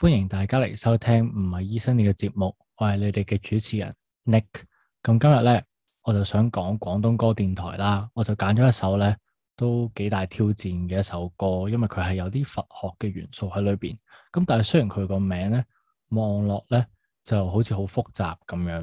歡迎大家嚟收聽唔係醫生你嘅節目，我係你哋嘅主持人 Nick。咁今日咧，我就想講廣東歌電台啦，我就揀咗一首咧都幾大挑戰嘅一首歌，因為佢係有啲佛學嘅元素喺裏邊。咁但係雖然佢個名咧望落咧就好似好複雜咁樣，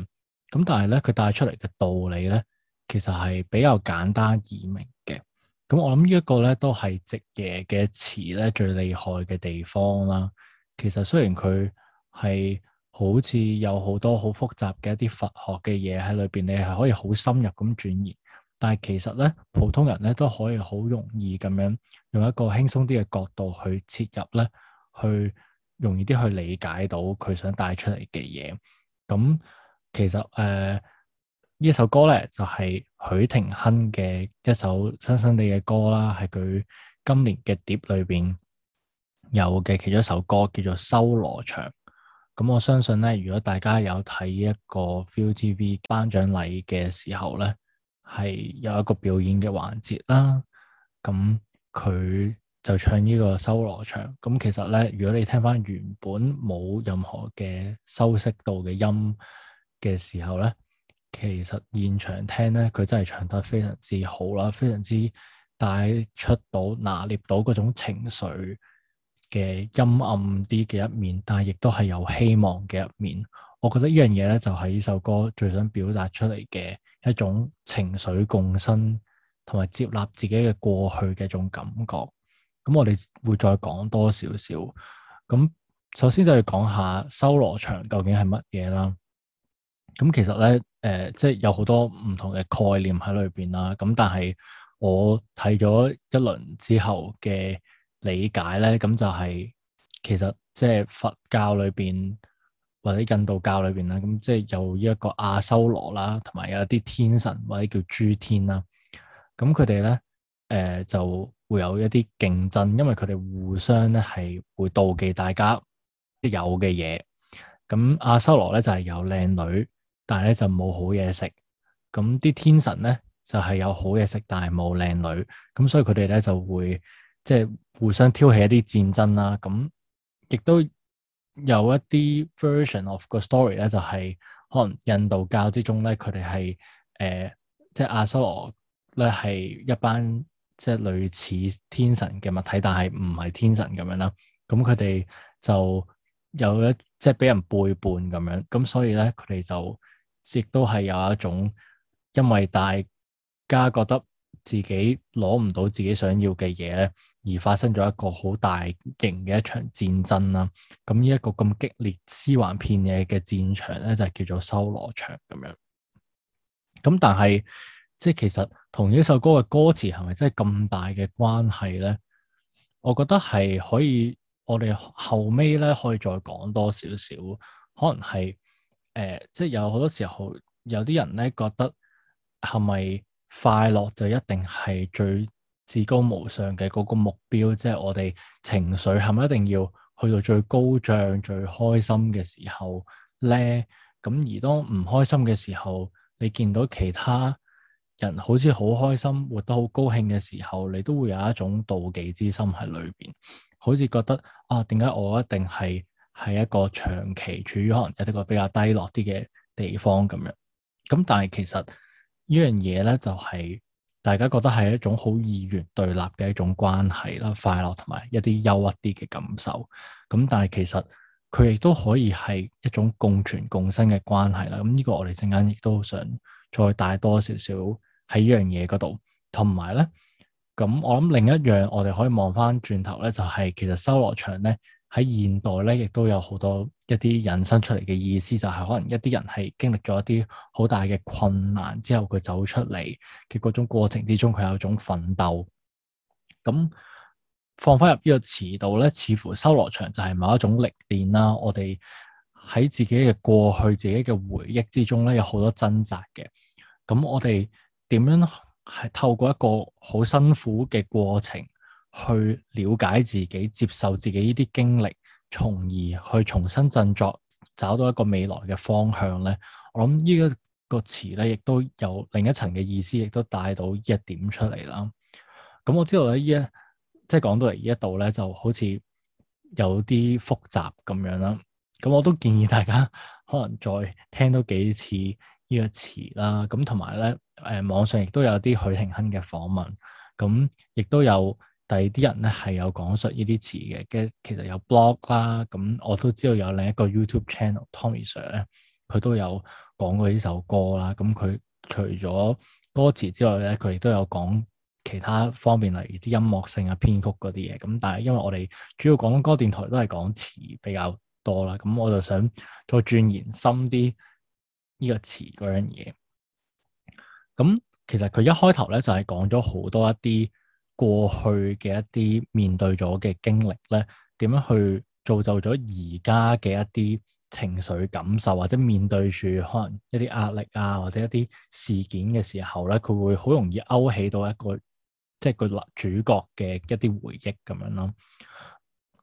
咁但係咧佢帶出嚟嘅道理咧，其實係比較簡單易明嘅。咁我諗呢一個咧都係職業嘅詞咧最厲害嘅地方啦。其實雖然佢係好似有好多好複雜嘅一啲佛學嘅嘢喺裏邊，你係可以好深入咁轉移，但係其實咧，普通人咧都可以好容易咁樣用一個輕鬆啲嘅角度去切入咧，去容易啲去理解到佢想帶出嚟嘅嘢。咁、嗯、其實誒呢、呃、首歌咧就係許廷鏗嘅一首新新地嘅歌啦，係佢今年嘅碟裏邊。有嘅其中一首歌叫做《修羅場》，咁我相信咧，如果大家有睇一個 ViuTV 頒獎禮嘅時候咧，係有一個表演嘅環節啦，咁佢就唱呢個修羅《修羅場》，咁其實咧，如果你聽翻原本冇任何嘅修飾度嘅音嘅時候咧，其實現場聽咧，佢真係唱得非常之好啦，非常之帶出到拿捏到嗰種情緒。嘅陰暗啲嘅一面，但係亦都係有希望嘅一面。我覺得呢樣嘢咧，就係呢首歌最想表達出嚟嘅一種情緒共生，同埋接納自己嘅過去嘅一種感覺。咁我哋會再講多少少。咁首先就要講下修羅場究竟係乜嘢啦。咁其實咧，誒、呃，即係有好多唔同嘅概念喺裏邊啦。咁但係我睇咗一輪之後嘅。理解咧，咁就係其實即係佛教裏邊或者印度教裏邊啦，咁即係有一個阿修羅啦，同埋有一啲天神或者叫諸天啦。咁佢哋咧，誒、呃，就會有一啲競爭，因為佢哋互相咧係會妒忌大家有嘅嘢。咁阿修羅咧就係有靚女，但係咧就冇好嘢食。咁啲天神咧就係有好嘢食，但係冇靚女。咁所以佢哋咧就會。即係互相挑起一啲戰爭啦，咁亦都有一啲 version of 個 story 咧、就係，就係可能印度教之中咧，佢哋係誒，即係阿修羅咧係一班即係類似天神嘅物體，但係唔係天神咁樣啦。咁佢哋就有一即係俾人背叛咁樣，咁所以咧佢哋就亦都係有一種因為大家覺得。自己攞唔到自己想要嘅嘢咧，而發生咗一個好大型嘅一場戰爭啦。咁呢一個咁激烈撕幻片嘢嘅戰場咧，就係叫做修羅場咁樣。咁但係即係其實同呢首歌嘅歌詞係咪真係咁大嘅關係咧？我覺得係可以，我哋後尾咧可以再講多少少，可能係誒、呃，即係有好多時候，有啲人咧覺得係咪？快樂就一定係最至高無上嘅嗰個目標，即係我哋情緒係咪一定要去到最高漲、最開心嘅時候咧？咁而當唔開心嘅時候，你見到其他人好似好開心、活得好高興嘅時候，你都會有一種妒忌之心喺裏邊，好似覺得啊，點解我一定係喺一個長期處於可能有一個比較低落啲嘅地方咁樣？咁但係其實。呢樣嘢咧，就係、是、大家覺得係一種好意願對立嘅一種關係啦，快樂同埋一啲憂鬱啲嘅感受。咁但係其實佢亦都可以係一種共存共生嘅關係啦。咁、這、呢個我哋陣間亦都想再帶多少少喺呢樣嘢嗰度，同埋咧，咁我諗另一樣我哋可以望翻轉頭咧，就係其實修羅場咧喺現代咧，亦都有好多。一啲引申出嚟嘅意思就係可能一啲人係經歷咗一啲好大嘅困難之後佢走出嚟嘅嗰種過程之中，佢有一種奮鬥，咁放翻入呢個詞度咧，似乎修羅場就係某一種歷練啦。我哋喺自己嘅過去、自己嘅回憶之中咧，有好多掙扎嘅。咁我哋點樣係透過一個好辛苦嘅過程去了解自己、接受自己呢啲經歷？從而去重新振作，找到一個未來嘅方向咧。我諗呢一個詞咧，亦都有另一層嘅意思，亦都帶到一點出嚟啦。咁、嗯、我知道咧，依一即係講到嚟呢一度咧，就好似有啲複雜咁樣啦。咁、嗯、我都建議大家可能再聽多幾次呢個詞啦。咁同埋咧，誒、嗯、網上亦都有啲許廷鏗嘅訪問，咁、嗯、亦都有。第二啲人咧係有講述呢啲詞嘅，跟其實有 blog 啦，咁我都知道有另一個 YouTube channel Tommy Sir 咧，佢都有講過呢首歌啦。咁佢除咗歌詞之外咧，佢亦都有講其他方面，例如啲音樂性啊、編曲嗰啲嘢。咁但係因為我哋主要講歌電台都係講詞比較多啦，咁我就想再鑽研深啲呢個詞嗰樣嘢。咁其實佢一開頭咧就係講咗好多一啲。過去嘅一啲面對咗嘅經歷咧，點樣去造就咗而家嘅一啲情緒感受，或者面對住可能一啲壓力啊，或者一啲事件嘅時候咧，佢會好容易勾起到一個即係個主角嘅一啲回憶咁樣咯。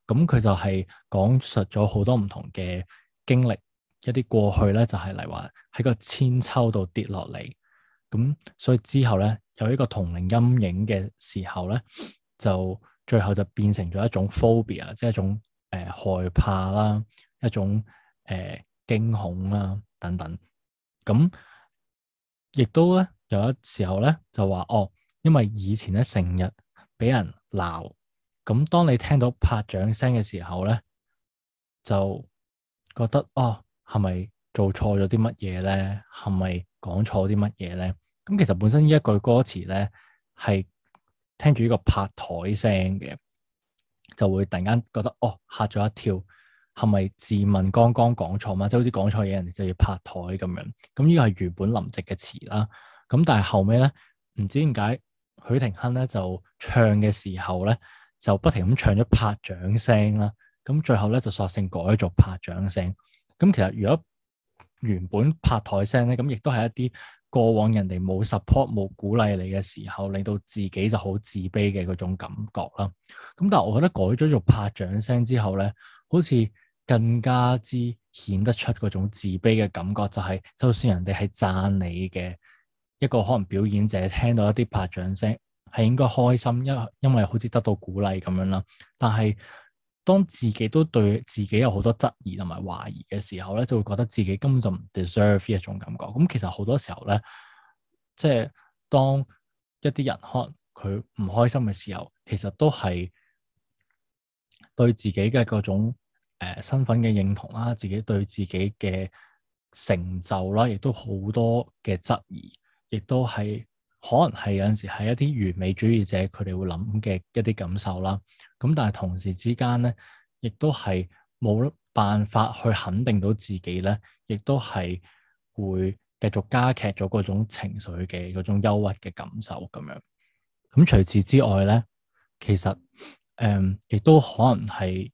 咁、嗯、佢就係講述咗好多唔同嘅經歷，一啲過去咧就係例話喺個千秋度跌落嚟，咁、嗯、所以之後咧。有呢個同齡陰影嘅時候咧，就最後就變成咗一種 phobia 啦，即係一種誒、呃、害怕啦，一種誒、呃、驚恐啦、啊、等等。咁亦都咧有一時候咧就話哦，因為以前咧成日俾人鬧，咁當你聽到拍掌聲嘅時候咧，就覺得哦係咪做錯咗啲乜嘢咧？係咪講錯啲乜嘢咧？咁其實本身呢一句歌詞咧，係聽住呢個拍台聲嘅，就會突然間覺得哦嚇咗一跳，係咪自問剛剛講錯嗎？即係好似講錯嘢人哋就要拍台咁樣。咁呢個係原本林夕嘅詞啦。咁但係後尾咧，唔知點解許廷鏗咧就唱嘅時候咧，就不停咁唱咗拍掌聲啦。咁最後咧就索性改咗做拍掌聲。咁其實如果原本拍台聲咧，咁亦都係一啲，過往人哋冇 support 冇鼓勵你嘅時候，令到自己就好自卑嘅嗰種感覺啦。咁但係我覺得改咗做拍掌聲之後咧，好似更加之顯得出嗰種自卑嘅感覺，就係就算人哋係讚你嘅一個可能表演者，聽到一啲拍掌聲係應該開心，因因為好似得到鼓勵咁樣啦。但係當自己都對自己有好多質疑同埋懷疑嘅時候咧，就會覺得自己根本就唔 deserve 呢一種感覺。咁其實好多時候咧，即係當一啲人可能佢唔開心嘅時候，其實都係對自己嘅各種誒身份嘅認同啦，自己對自己嘅成就啦，亦都好多嘅質疑，亦都係。可能係有陣時係一啲完美主義者佢哋會諗嘅一啲感受啦，咁但係同時之間咧，亦都係冇辦法去肯定到自己咧，亦都係會繼續加劇咗嗰種情緒嘅嗰種憂鬱嘅感受咁樣。咁除此之外咧，其實誒、嗯、亦都可能係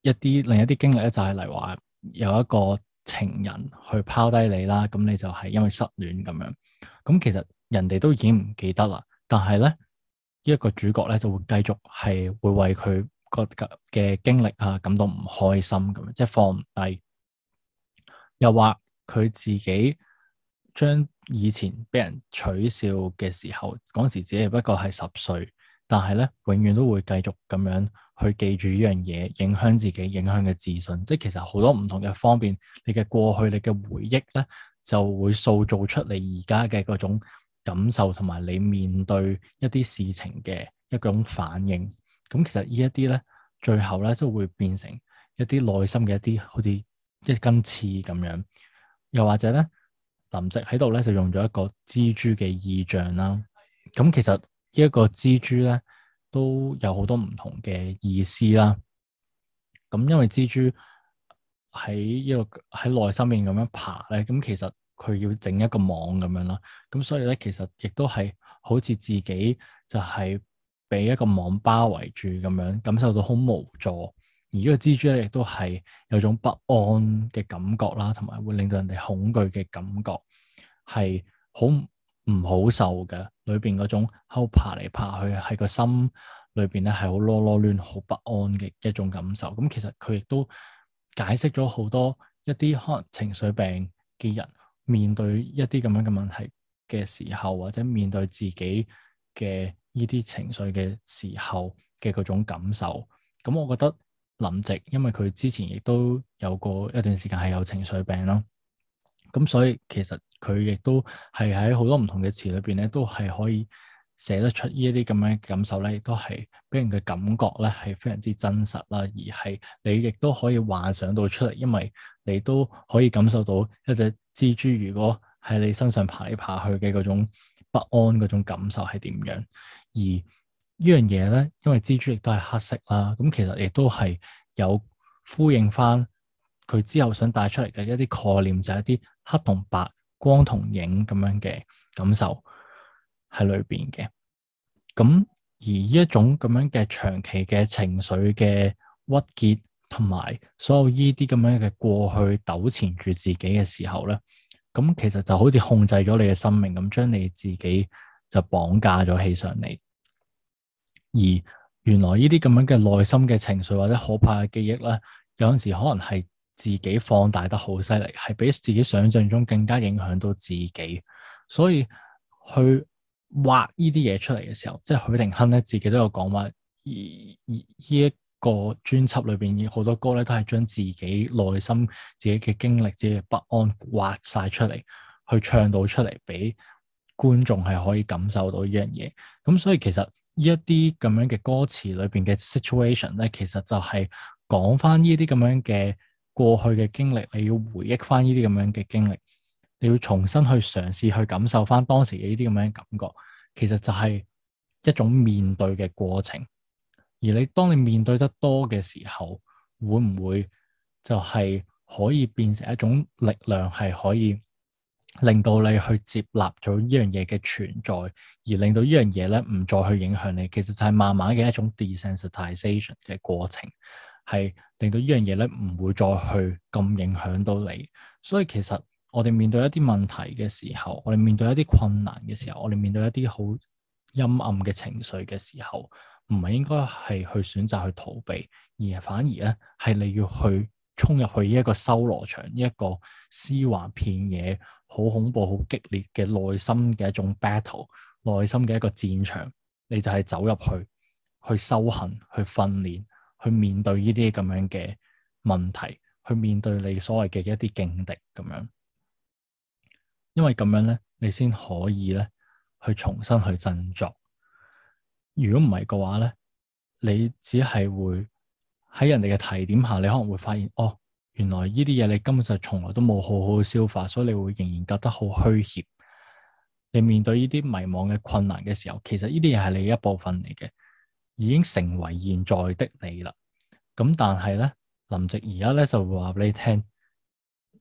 一啲另一啲經歷咧，就係例如話有一個情人去拋低你啦，咁你就係因為失戀咁樣。咁其實。人哋都已經唔記得啦，但係咧呢一個主角咧就會繼續係會為佢個嘅經歷啊感到唔開心咁，即係放唔低。又話佢自己將以前俾人取笑嘅時候，嗰陣時自己不過係十歲，但係咧永遠都會繼續咁樣去記住呢樣嘢，影響自己，影響佢嘅自信。即係其實好多唔同嘅方面，你嘅過去，你嘅回憶咧就會塑造出你而家嘅嗰種。感受同埋你面對一啲事情嘅一種反應，咁其實呢一啲咧，最後咧就會變成一啲內心嘅一啲好似一根刺咁樣，又或者咧，林夕喺度咧就用咗一個蜘蛛嘅意象啦。咁其實呢一個蜘蛛咧都有好多唔同嘅意思啦。咁因為蜘蛛喺呢個喺內心面咁樣爬咧，咁其實。佢要整一個網咁樣啦，咁所以咧，其實亦都係好似自己就係畀一個網包圍住咁樣，感受到好無助。而呢個蜘蛛咧，亦都係有種不安嘅感覺啦，同埋會令到人哋恐懼嘅感覺係好唔好受嘅。裏邊嗰種喺度爬嚟爬去，喺個心裏邊咧係好囉囉攣、好不安嘅一種感受。咁其實佢亦都解釋咗好多一啲可能情緒病嘅人，面對一啲咁樣嘅問題嘅時候，或者面對自己嘅呢啲情緒嘅時候嘅嗰種感受，咁我覺得林夕，因為佢之前亦都有過一段時間係有情緒病啦，咁所以其實佢亦都係喺好多唔同嘅詞裏邊咧，都係可以寫得出呢一啲咁樣嘅感受咧，亦都係俾人嘅感覺咧係非常之真實啦，而係你亦都可以幻想到出嚟，因為你都可以感受到一隻。蜘蛛如果喺你身上爬嚟爬去嘅嗰種不安嗰種感受係點樣？而呢樣嘢咧，因為蜘蛛亦都係黑色啦，咁其實亦都係有呼應翻佢之後想帶出嚟嘅一啲概念，就係、是、一啲黑同白、光同影咁樣嘅感受喺裏邊嘅。咁而呢一種咁樣嘅長期嘅情緒嘅鬱結。同埋所有呢啲咁樣嘅過去糾纏住自己嘅時候咧，咁其實就好似控制咗你嘅生命，咁將你自己就綁架咗起上嚟。而原來呢啲咁樣嘅內心嘅情緒或者可怕嘅記憶咧，有陣時可能係自己放大得好犀利，係比自己想象中更加影響到自己。所以去畫呢啲嘢，出嚟嘅時候，即係許霆亨咧自己都有講話，而呢一。個專輯裏邊，好多歌咧都係將自己內心、自己嘅經歷、自己嘅不安刮晒出嚟，去唱到出嚟俾觀眾係可以感受到呢樣嘢。咁所以其實一呢一啲咁樣嘅歌詞裏邊嘅 situation 咧，其實就係講翻呢啲咁樣嘅過去嘅經歷，你要回憶翻呢啲咁樣嘅經歷，你要重新去嘗試去感受翻當時嘅呢啲咁樣嘅感覺，其實就係一種面對嘅過程。而你當你面對得多嘅時候，會唔會就係可以變成一種力量，係可以令到你去接納咗呢樣嘢嘅存在，而令到呢樣嘢咧唔再去影響你。其實就係慢慢嘅一種 desensitization 嘅過程，係令到呢樣嘢咧唔會再去咁影響到你。所以其實我哋面對一啲問題嘅時候，我哋面對一啲困難嘅時候，我哋面對一啲好陰暗嘅情緒嘅時候。唔係應該係去選擇去逃避，而係反而咧，係你要去衝入去呢一個修羅場，呢一個屍橫遍野，好恐怖、好激烈嘅內心嘅一種 battle，內心嘅一個戰場，你就係走入去，去修行、去訓練、去面對呢啲咁樣嘅問題，去面對你所謂嘅一啲勁敵咁樣。因為咁樣咧，你先可以咧去重新去振作。如果唔係嘅話咧，你只係會喺人哋嘅提點下，你可能會發現哦，原來呢啲嘢你根本就從來都冇好好消化，所以你會仍然覺得好虛怯。你面對呢啲迷茫嘅困難嘅時候，其實呢啲嘢係你嘅一部分嚟嘅，已經成為現在的你啦。咁但係咧，林夕而家咧就會話俾你聽，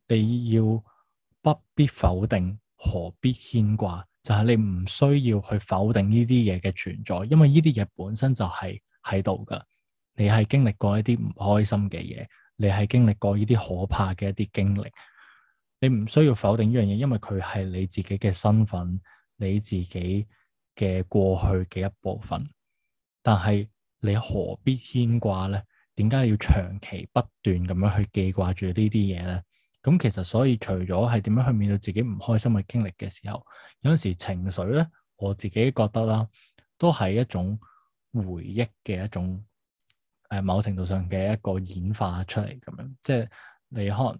你要不必否定，何必牽掛。但係你唔需要去否定呢啲嘢嘅存在，因為呢啲嘢本身就係喺度噶。你係經歷過一啲唔開心嘅嘢，你係經歷過呢啲可怕嘅一啲經歷，你唔需要否定呢樣嘢，因為佢係你自己嘅身份，你自己嘅過去嘅一部分。但係你何必牽掛呢？點解要長期不斷咁樣去記掛住呢啲嘢呢？咁其實所以除咗係點樣去面對自己唔開心嘅經歷嘅時候，有陣時情緒咧，我自己覺得啦，都係一種回憶嘅一種誒、呃，某程度上嘅一個演化出嚟咁樣，即係你可能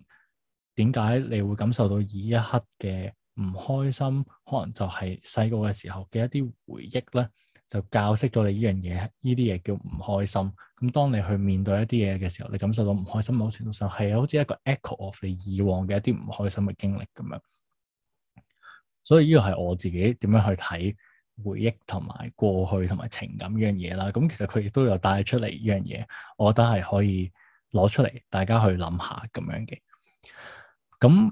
點解你會感受到呢一刻嘅唔開心，可能就係細個嘅時候嘅一啲回憶咧。就教識咗你呢樣嘢，呢啲嘢叫唔開心。咁當你去面對一啲嘢嘅時候，你感受到唔開心，某程度上係好似一個 echo of 你以往嘅一啲唔開心嘅經歷咁樣。所以呢個係我自己點樣去睇回憶同埋過去同埋情感呢樣嘢啦。咁其實佢亦都有帶出嚟呢樣嘢，我覺得係可以攞出嚟大家去諗下咁樣嘅。咁呢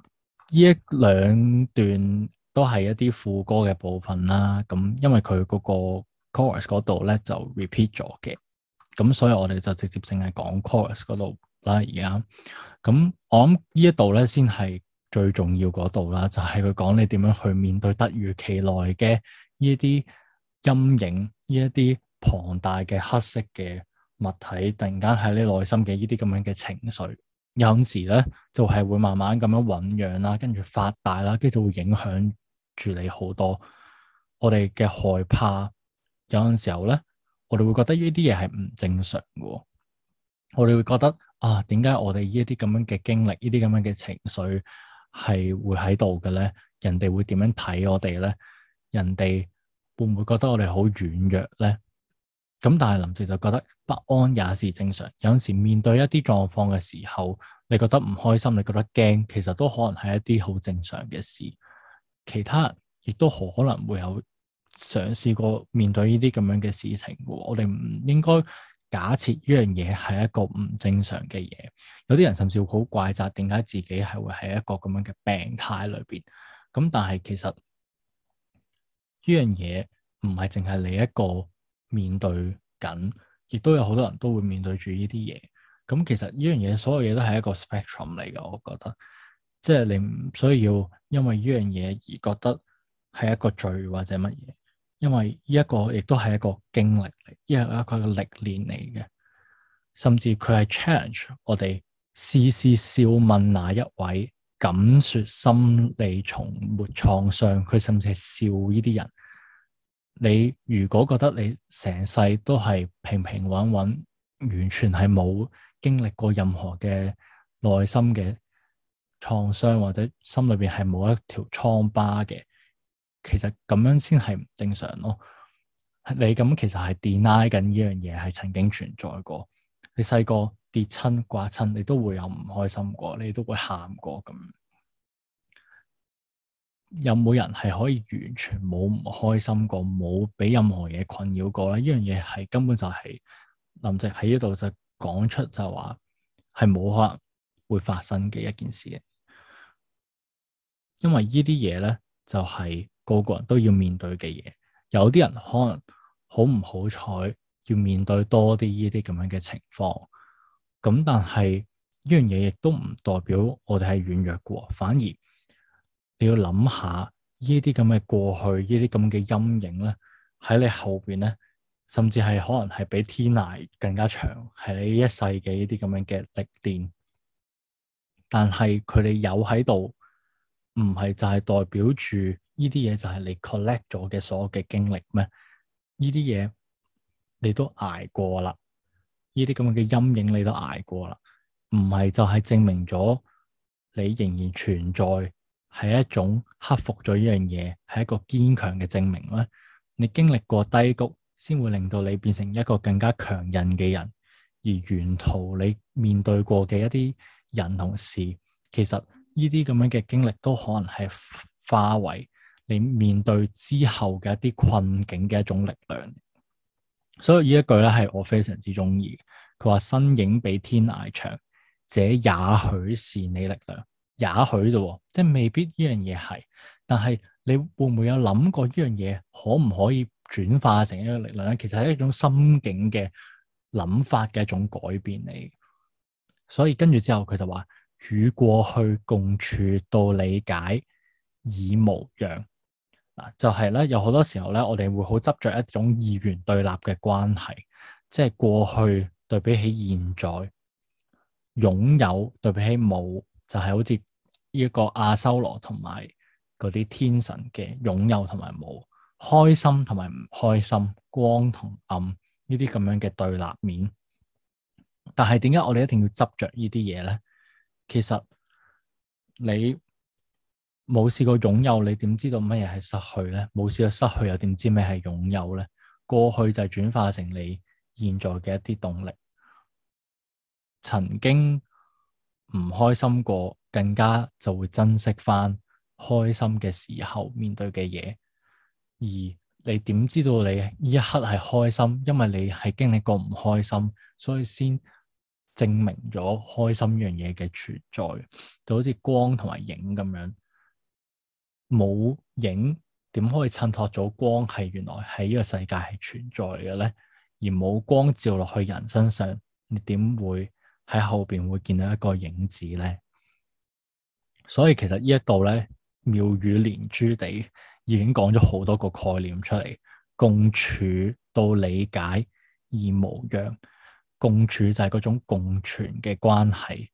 一兩段都係一啲副歌嘅部分啦。咁因為佢嗰個。Chorus 嗰度咧就 repeat 咗嘅，咁所以我哋就直接淨係講 Chorus 嗰度啦而家，咁我諗呢一度咧先係最重要嗰度啦，就係佢講你點樣去面對突如其來嘅呢一啲陰影，呢一啲龐大嘅黑色嘅物體，突然間喺你內心嘅呢啲咁樣嘅情緒，有陣時咧就係會慢慢咁樣醞釀啦，跟住發大啦，跟住就會影響住你好多，我哋嘅害怕。有陣時候咧，我哋會覺得呢啲嘢係唔正常嘅。我哋會覺得啊，點解我哋呢一啲咁樣嘅經歷、呢啲咁樣嘅情緒係會喺度嘅咧？人哋會點樣睇我哋咧？人哋會唔會覺得我哋好軟弱咧？咁但係林夕就覺得不安也是正常。有陣時面對一啲狀況嘅時候，你覺得唔開心，你覺得驚，其實都可能係一啲好正常嘅事。其他人亦都可能會有。嘗試過面對呢啲咁樣嘅事情嘅，我哋唔應該假設呢樣嘢係一個唔正常嘅嘢。有啲人甚至會好怪責，點解自己係會喺一個咁樣嘅病態裏邊？咁但係其實呢樣嘢唔係淨係你一個面對緊，亦都有好多人都會面對住呢啲嘢。咁其實呢樣嘢所有嘢都係一個 spectrum 嚟嘅。我覺得即係、就是、你唔需要因為呢樣嘢而覺得係一個罪或者乜嘢。因為呢一個亦都係一個經歷嚟，因為佢係一個歷練嚟嘅，甚至佢係 challenge 我哋，嘻嘻笑問哪一位敢說心理從沒創傷？佢甚至係笑呢啲人。你如果覺得你成世都係平平穩穩，完全係冇經歷過任何嘅內心嘅創傷，或者心裏邊係冇一條瘡疤嘅。其實咁樣先係唔正常咯。你咁其實係 deny 緊呢樣嘢係曾經存在過。你細個跌親、刮親，你都會有唔開心過，你都會喊過咁。有冇人係可以完全冇唔開心過，冇俾任何嘢困擾過咧？呢樣嘢係根本就係、是、林夕喺呢度就講出就話係冇可能會發生嘅一件事嘅。因為呢啲嘢咧就係、是。個個人都要面對嘅嘢，有啲人可能好唔好彩，要面對多啲呢啲咁樣嘅情況。咁但係呢樣嘢亦都唔代表我哋係軟弱嘅，反而你要諗下呢啲咁嘅過去，這這呢啲咁嘅陰影咧喺你後邊咧，甚至係可能係比天涯更加長，係你一世嘅呢啲咁樣嘅歷練。但係佢哋有喺度，唔係就係代表住。呢啲嘢就係你 collect 咗嘅所有嘅經歷咩？呢啲嘢你都捱過啦，呢啲咁樣嘅陰影你都捱過啦，唔係就係證明咗你仍然存在係一種克服咗呢樣嘢，係一個堅強嘅證明咩？你經歷過低谷，先會令到你變成一個更加強韌嘅人。而沿途你面對過嘅一啲人同事，其實呢啲咁樣嘅經歷都可能係化為。你面對之後嘅一啲困境嘅一種力量，所以呢一句咧，係我非常之中意。佢話，身影比天涯長，這也許是你力量，也許啫，即係未必呢樣嘢。係但係你會唔會有諗過呢樣嘢可唔可以轉化成一個力量咧？其實係一種心境嘅諗法嘅一種改變嚟。所以跟住之後佢就話，與過去共處到理解以無恙。就係咧，有好多時候咧，我哋會好執着一種二元對立嘅關係，即係過去對比起現在，擁有對比起冇，就係好似呢個亞修羅同埋嗰啲天神嘅擁有同埋冇，開心同埋唔開心，光同暗呢啲咁樣嘅對立面。但係點解我哋一定要執着呢啲嘢咧？其實你。冇試過擁有，你點知道乜嘢係失去咧？冇試過失去，又點知咩係擁有咧？過去就係轉化成你現在嘅一啲動力。曾經唔開心過，更加就會珍惜翻開心嘅時候面對嘅嘢。而你點知道你呢一刻係開心？因為你係經歷過唔開心，所以先證明咗開心呢樣嘢嘅存在，就好似光同埋影咁樣。冇影點可以襯托咗光係原來喺呢個世界係存在嘅咧，而冇光照落去人身上，你點會喺後邊會見到一個影子咧？所以其實呢一度咧，妙語連珠地已經講咗好多個概念出嚟，共處到理解而無恙，共處就係嗰種共存嘅關係。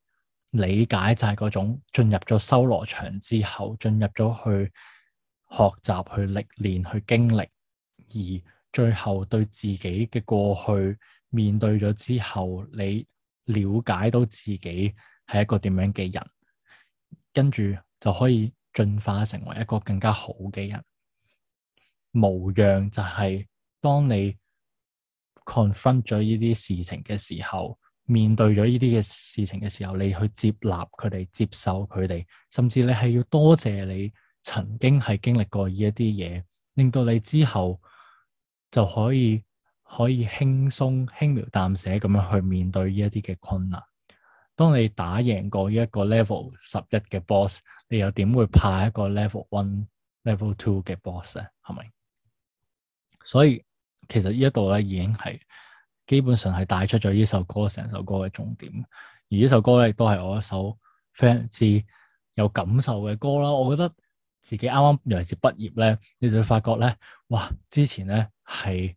理解就係嗰種進入咗修羅場之後，進入咗去學習去歷練去經歷，而最後對自己嘅過去面對咗之後，你了解到自己係一個點樣嘅人，跟住就可以進化成為一個更加好嘅人。模樣就係當你 confront 咗呢啲事情嘅時候。面對咗呢啲嘅事情嘅時候，你去接納佢哋，接受佢哋，甚至你係要多謝你曾經係經歷過呢一啲嘢，令到你之後就可以可以輕鬆輕描淡寫咁樣去面對呢一啲嘅困難。當你打贏過呢一個 level 十一嘅 boss，你又點會怕一個 level, level one、level two 嘅 boss 咧？係咪？所以其實呢一度咧已經係。基本上係帶出咗呢首歌成首歌嘅重點，而呢首歌咧亦都係我一首非常之有感受嘅歌啦。我覺得自己啱啱尤其是畢業咧，你就會發覺咧，哇！之前咧係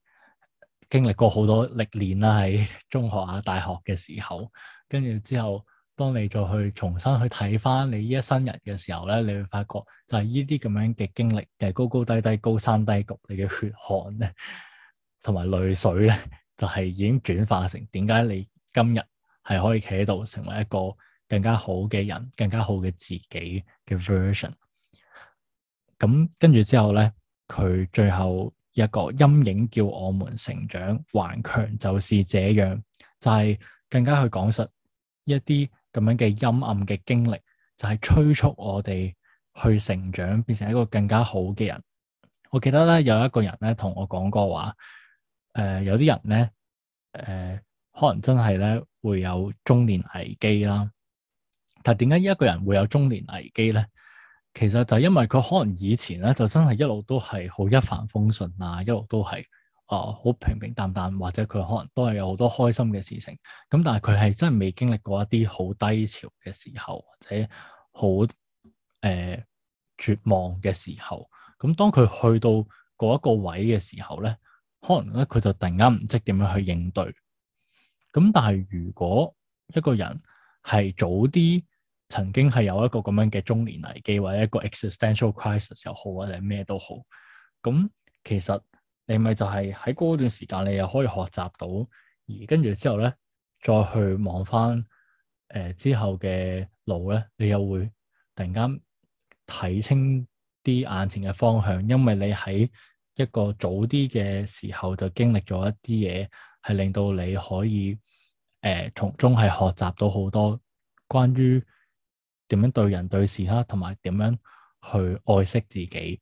經歷過好多歷練啦，喺中學啊、大學嘅時候，跟住之後，當你再去重新去睇翻你呢一生人嘅時候咧，你就會發覺就係呢啲咁樣嘅經歷嘅、就是、高高低低，高山低谷，你嘅血汗咧，同埋淚水咧。 就係已經轉化成點解你今日係可以企喺度成為一個更加好嘅人，更加好嘅自己嘅 version。咁跟住之後咧，佢最後一個陰影叫我們成長、頑強，就是這樣，就係、是，更加去講述一啲咁樣嘅陰暗嘅經歷，就係、是，催促我哋去成長，變成一個更加好嘅人。我記得咧，有一個人咧同我講過話。誒、呃，有啲人咧，誒、呃，可能真係咧會有中年危機啦。但係點解一個人會有中年危機咧？其實就因為佢可能以前咧就真係一路都係好一帆風順啊，一路都係啊好平平淡淡，或者佢可能都係有好多開心嘅事情。咁但係佢係真係未經歷過一啲好低潮嘅時候，或者好誒、呃、絕望嘅時候。咁當佢去到嗰一個位嘅時候咧，可能咧佢就突然間唔識點樣去應對，咁但係如果一個人係早啲曾經係有一個咁樣嘅中年危機或者一個 existential crisis 又好或者咩都好，咁其實你咪就係喺嗰段時間你又可以學習到，而跟住之後咧再去望翻誒之後嘅路咧，你又會突然間睇清啲眼前嘅方向，因為你喺。一個早啲嘅時候就經歷咗一啲嘢，係令到你可以誒、呃、從中係學習到好多關於點樣對人對事啦，同埋點樣去愛惜自己。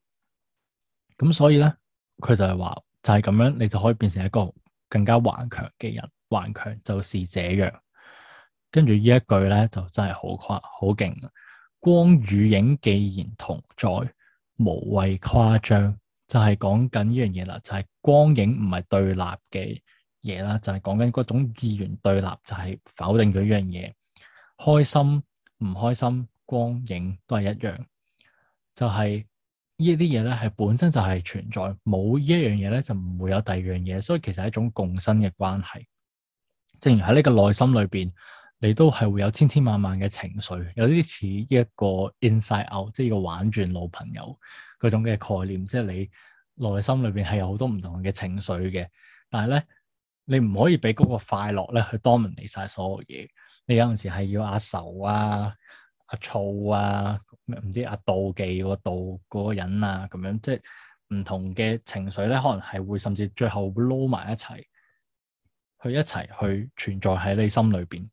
咁所以咧，佢就係話就係、是、咁樣，你就可以變成一個更加頑強嘅人。頑強就是這樣。跟住呢一句咧，就真係好誇好勁。光與影既然同在，無謂誇張。就係講緊呢樣嘢啦，就係、是、光影唔係對立嘅嘢啦，就係講緊嗰種二元對立，就係、是、否定咗呢樣嘢。開心唔開心，光影都係一樣。就係呢啲嘢咧，係本身就係存在，冇呢一樣嘢咧，就唔會有第二樣嘢，所以其實係一種共生嘅關係。正如喺呢個內心裏邊，你都係會有千千萬萬嘅情緒，有啲似一個 inside out，即係個玩轉老朋友。嗰種嘅概念，即係你內心裏邊係有好多唔同嘅情緒嘅，但係咧，你唔可以俾嗰個快樂咧去 dominate 晒所有嘢。你有陣時係要阿愁啊、阿燥啊，唔知阿妒忌個妒嗰個人啊，咁樣，即係唔同嘅情緒咧，可能係會甚至最後撈埋一齊，去一齊去存在喺你心裏邊。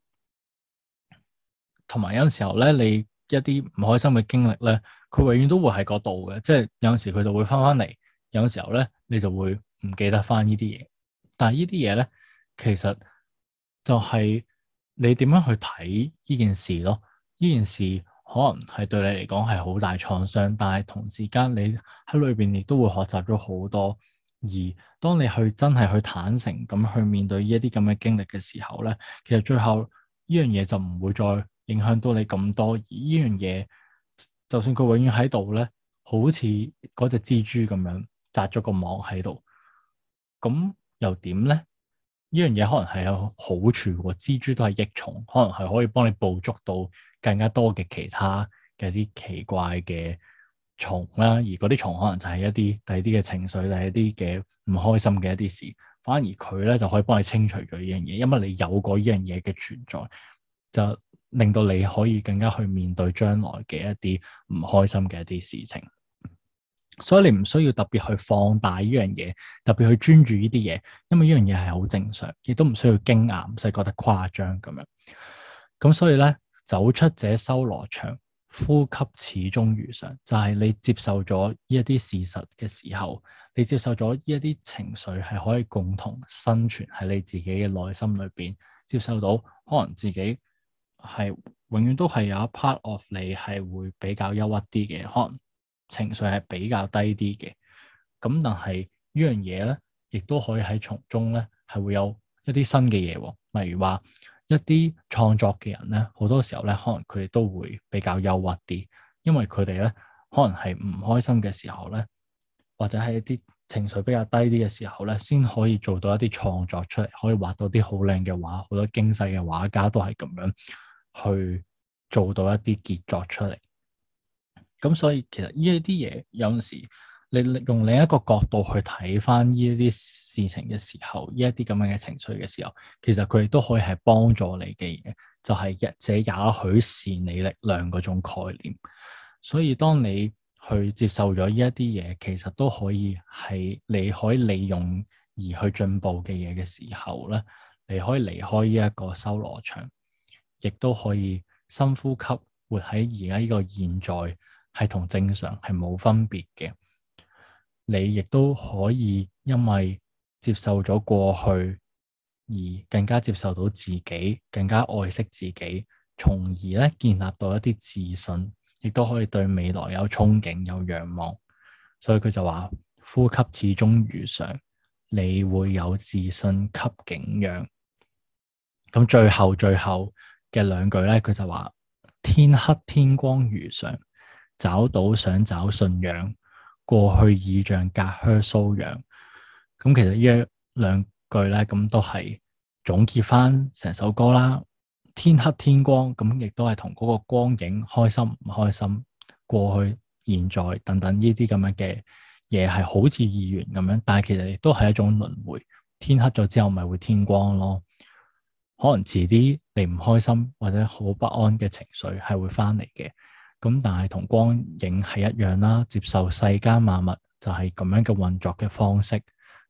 同埋有陣時候咧，你一啲唔開心嘅經歷咧。佢永遠都會喺嗰度嘅，即係有陣時佢就會翻翻嚟，有時候咧你就會唔記得翻呢啲嘢。但係呢啲嘢咧，其實就係你點樣去睇呢件事咯。呢件事可能係對你嚟講係好大創傷，但係同時間你喺裏邊亦都會學習咗好多。而當你去真係去坦誠咁去面對呢一啲咁嘅經歷嘅時候咧，其實最後呢樣嘢就唔會再影響到你咁多，而呢樣嘢。就算佢永遠喺度咧，好似嗰隻蜘蛛咁樣紮咗個網喺度，咁又點咧？呢樣嘢可能係有好處喎，蜘蛛都係益蟲，可能係可以幫你捕捉到更加多嘅其他嘅啲奇怪嘅蟲啦。而嗰啲蟲可能就係一啲第二啲嘅情緒，定係一啲嘅唔開心嘅一啲事，反而佢咧就可以幫你清除咗呢樣嘢，因為你有過呢樣嘢嘅存在，就。令到你可以更加去面對將來嘅一啲唔開心嘅一啲事情，所以你唔需要特別去放大呢樣嘢，特別去專注呢啲嘢，因為呢樣嘢係好正常，亦都唔需要驚訝，唔使覺得誇張咁樣。咁所以咧，走出這修羅場，呼吸始終如常，就係、是、你接受咗呢一啲事實嘅時候，你接受咗呢一啲情緒係可以共同生存喺你自己嘅內心裏邊，接受到可能自己。係永遠都係有一 part of 你係會比較憂鬱啲嘅，可能情緒係比較低啲嘅。咁但係呢樣嘢咧，亦都可以喺從中咧係會有一啲新嘅嘢，哦。例如話一啲創作嘅人咧，好多時候咧可能佢哋都會比較憂鬱啲，因為佢哋咧可能係唔開心嘅時候咧，或者係一啲情緒比較低啲嘅時候咧，先可以做到一啲創作出嚟，可以畫到啲好靚嘅畫。好多精細嘅畫家都係咁樣。去做到一啲傑作出嚟，咁所以其實呢一啲嘢有陣時，你用另一個角度去睇翻呢一啲事情嘅時候，呢一啲咁樣嘅情緒嘅時候，其實佢哋都可以係幫助你嘅嘢，就係弱者也許是你力量嗰種概念。所以當你去接受咗呢一啲嘢，其實都可以係你可以利用而去進步嘅嘢嘅時候咧，你可以離開呢一個修羅場。亦都可以深呼吸，活喺而家呢個現在係同正常係冇分別嘅。你亦都可以因為接受咗過去，而更加接受到自己，更加愛惜自己，從而咧建立到一啲自信，亦都可以對未來有憧憬，有仰望。所以佢就話：呼吸始終如常，你會有自信及景仰。咁最後，最後。嘅兩句咧，佢就話，天黑天光如常，找到想找信仰，過去意象隔靴搔癢。咁、嗯、其實呢兩句咧，咁都係總結翻成首歌啦。天黑天光，咁亦都係同嗰個光影開心唔開心，過去現在等等呢啲咁樣嘅嘢係好似意願，咁樣，但係其實亦都係一種輪迴。天黑咗之後，咪會天光咯。可能遲啲你唔開心或者好不安嘅情緒係會翻嚟嘅，咁但係同光影係一樣啦。接受世間萬物就係咁樣嘅運作嘅方式，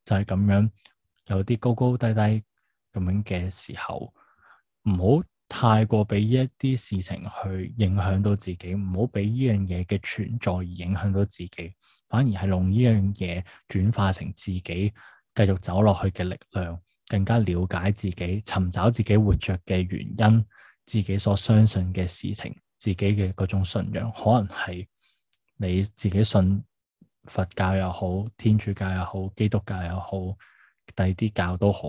就係咁樣。有啲高高低低咁樣嘅時候，唔好太過俾呢一啲事情去影響到自己，唔好俾呢樣嘢嘅存在而影響到自己，反而係用呢樣嘢轉化成自己繼續走落去嘅力量。更加了解自己，尋找自己活着嘅原因，自己所相信嘅事情，自己嘅嗰種信仰，可能係你自己信佛教又好，天主教又好，基督教又好，第啲教都好，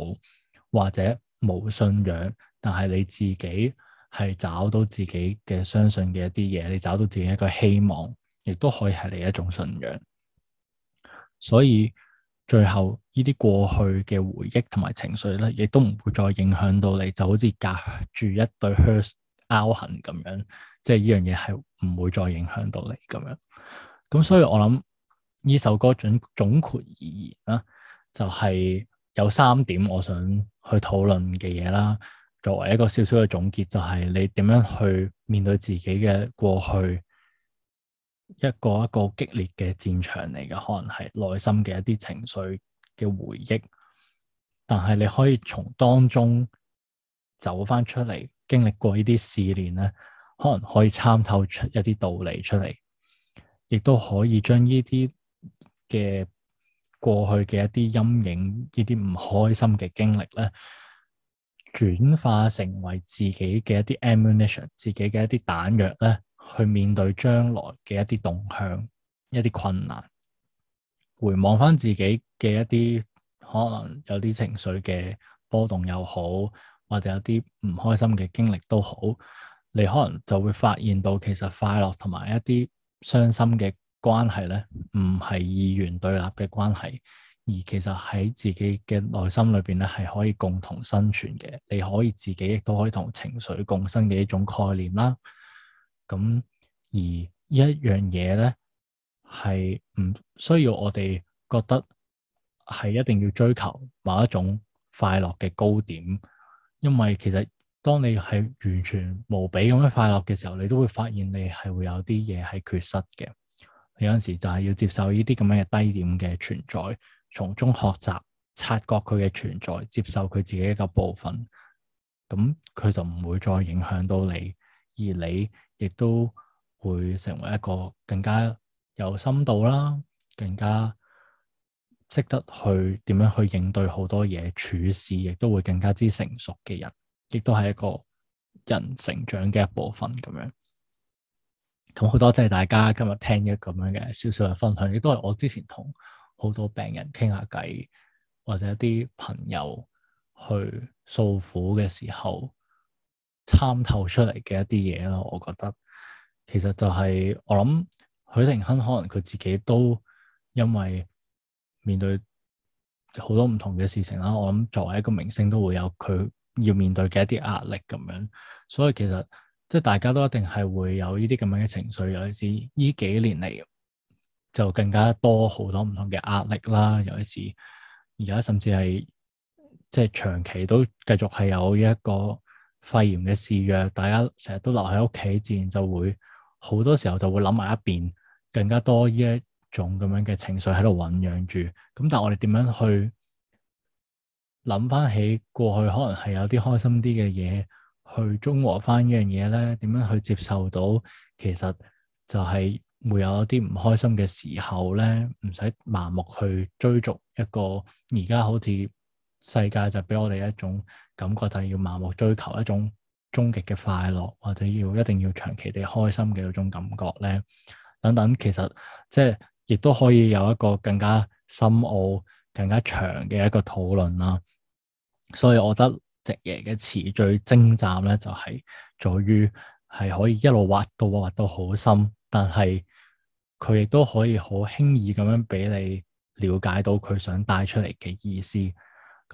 或者冇信仰，但係你自己係找到自己嘅相信嘅一啲嘢，你找到自己一個希望，亦都可以係你一種信仰，所以。最後呢啲過去嘅回憶同埋情緒咧，亦都唔會再影響到你，就好似隔住一對靴凹痕咁樣，即係呢樣嘢係唔會再影響到你咁樣。咁所以我諗呢首歌總總括而言啦，就係有三點我想去討論嘅嘢啦，作為一個少少嘅總結，就係你點樣去面對自己嘅過去。一個一個激烈嘅戰場嚟嘅，可能係內心嘅一啲情緒嘅回憶，但係你可以從當中走翻出嚟，經歷過呢啲試煉咧，可能可以參透出一啲道理出嚟，亦都可以將呢啲嘅過去嘅一啲陰影、呢啲唔開心嘅經歷咧，轉化成為自己嘅一啲 ammunition，自己嘅一啲彈藥咧，去面對將來嘅一啲動向、一啲困難，回望翻自己嘅一啲可能有啲情緒嘅波動又好，或者有啲唔開心嘅經歷都好，你可能就會發現到其實快樂同埋一啲傷心嘅關係咧，唔係二元對立嘅關係，而其實喺自己嘅內心裏邊咧係可以共同生存嘅，你可以自己亦都可以同情緒共生嘅一種概念啦。咁而呢一樣嘢咧，係唔需要我哋覺得係一定要追求某一種快樂嘅高點，因為其實當你係完全無比咁樣快樂嘅時候，你都會發現你係會有啲嘢係缺失嘅。有陣時就係要接受呢啲咁樣嘅低點嘅存在，從中學習察覺佢嘅存在，接受佢自己一個部分，咁佢就唔會再影響到你。而你亦都會成為一個更加有深度啦，更加識得去點樣去應對好多嘢處事，亦都會更加之成熟嘅人，亦都係一個人成長嘅一部分咁樣。咁好多謝大家今日聽咗咁樣嘅小小嘅分享，亦都係我之前同好多病人傾下偈，或者啲朋友去訴苦嘅時候。參透出嚟嘅一啲嘢咯，我覺得其實就係、是、我諗許廷鏗可能佢自己都因為面對好多唔同嘅事情啦，我諗作為一個明星都會有佢要面對嘅一啲壓力咁樣，所以其實即係大家都一定係會有呢啲咁樣嘅情緒，尤其是呢幾年嚟就更加多好多唔同嘅壓力啦，尤其是而家甚至係即係長期都繼續係有一個。肺炎嘅肆虐，大家成日都留喺屋企，自然就會好多時候就會諗埋一邊，更加多呢一種咁樣嘅情緒喺度醞釀住。咁但係我哋點樣去諗翻起過去，可能係有啲開心啲嘅嘢，去中和翻呢樣嘢咧？點樣去接受到其實就係會有一啲唔開心嘅時候咧，唔使盲目去追逐一個而家好似。世界就俾我哋一種感覺，就係要盲目追求一種終極嘅快樂，或者要一定要長期地開心嘅嗰種感覺咧。等等，其實即係亦都可以有一個更加深奧、更加長嘅一個討論啦。所以我覺得直爺嘅詞最精湛咧，就係、是、在於係可以一路挖到挖到好深，但係佢亦都可以好輕易咁樣俾你了解到佢想帶出嚟嘅意思。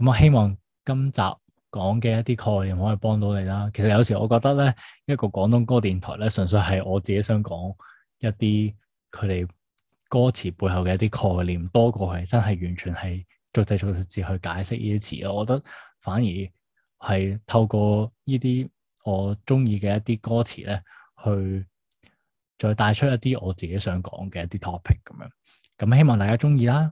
咁我希望今集講嘅一啲概念可以幫到你啦。其實有時我覺得咧，一個廣東歌電台咧，純粹係我自己想講一啲佢哋歌詞背後嘅一啲概念，多過係真係完全係做製作人字去解釋呢啲詞咯。我覺得反而係透過呢啲我中意嘅一啲歌詞咧，去再帶出一啲我自己想講嘅一啲 topic 咁樣。咁希望大家中意啦。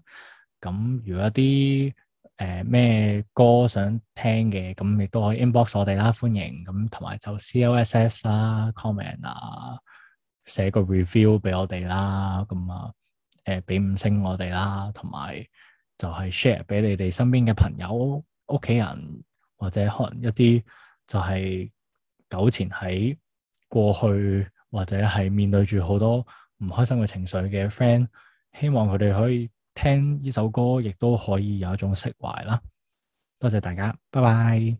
咁如果一啲誒咩、呃、歌想聽嘅，咁亦都可以 inbox 我哋啦，歡迎，咁同埋就 C.O.S.S 啦，comment 啊，寫個 review 俾我哋啦，咁啊誒俾五星我哋啦，同埋就係 share 俾你哋身邊嘅朋友、屋企人或者可能一啲就係糾纏喺過去或者係面對住好多唔開心嘅情緒嘅 friend，希望佢哋可以。聽呢首歌，亦都可以有一種釋懷啦。多謝大家，拜拜。